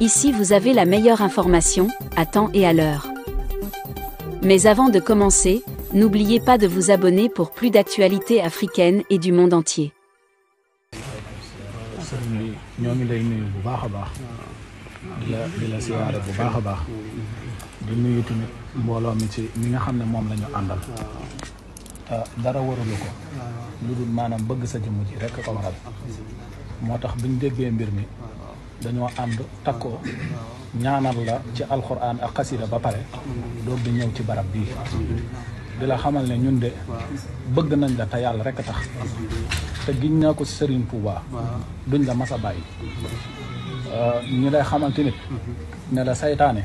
Ici vous avez la meilleure information, à temps et à l'heure. Mais avant de commencer, n'oubliez pas de vous abonner pour plus d'actualités africaines et du monde entier. dañoo ànd takkoo ñaanal la ci alxuraan ak xasida ba pare doog di ñëw ci barab bii di la xamal ne ñun de bëgg nañ la te yàlla rek a tax te giñ naa ko Serigne Touba duñ la mas a bàyyi euh, ñu lay xamal tamit ne la saytaane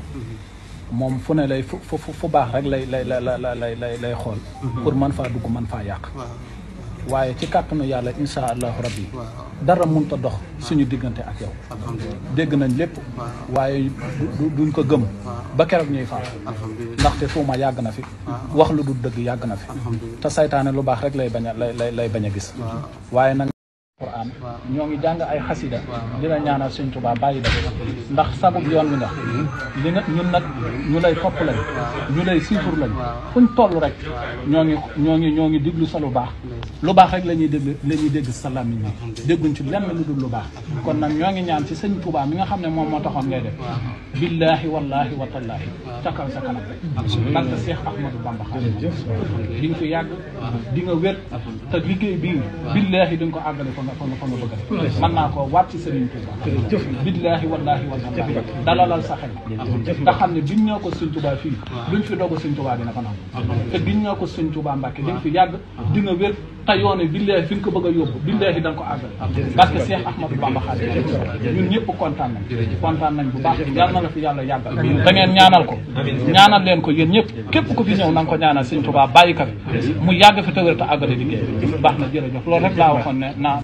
moom fu ne lay fu fu fu baax rek lay lay la lay lay xool mm-hmm. pour man faa dugg man faa yàq waaye ci kàttanu yàlla insha allahu rabbi dara mënut a dox suñu diggante ak yow dégg nañ lépp waaye duñ ko gëm ba keroog ñuy faat ndaxte tuuma yàgg na fi wax lu dul dëgg yàgg na fi te seytaane lu baax rek lay bañ a lay lay bañ a gis waaye nag alquran ñoo ngi jang ay khasida dina ñaanal suñ tuba bayyi da ndax sabu yoon mi ndax li nga ñun nak ñu lay fop lañ ñu lay sifur lañ fuñ tollu rek ñoo ngi ñoo ngi ñoo ngi diglu sa lu baax lu baax rek lañuy ñuy lañuy la salam ni deggun ci lenn lu dul lu baax kon nak ñoo ngi ñaan ci sëñ tuba mi nga xamne mom mo taxon ngay def billahi wallahi wa tallahi takal sa kanam nag ta cheikh ahmadou bamba xam ñu nga fi yàgg di nga wér ta liggey bi billahi dañ ko àggale ko nga fa ma fa nga bëgg man naa ko waat ci Serigne Touba billaahi wallaahi wallaahi dalalal sa xel ne biñ ñoo ko Serigne fii luñ fi doog Serigne Touba dina fi yàgg di nga wér te billaahi fi nga ko bëgg a billaahi da nga ko àggale parce que Cheikh Ahmadou Bamba Xaadimu Rasuul ñun kontaan nañ bu baax yàlla fi yàlla yàggal ko fi ñëw na ko ñaanal Serigne Touba bàyyi ka mu yàgg fi te wér te àggale liggéey baax na jërëjëf loolu rek laa waxoon ne naa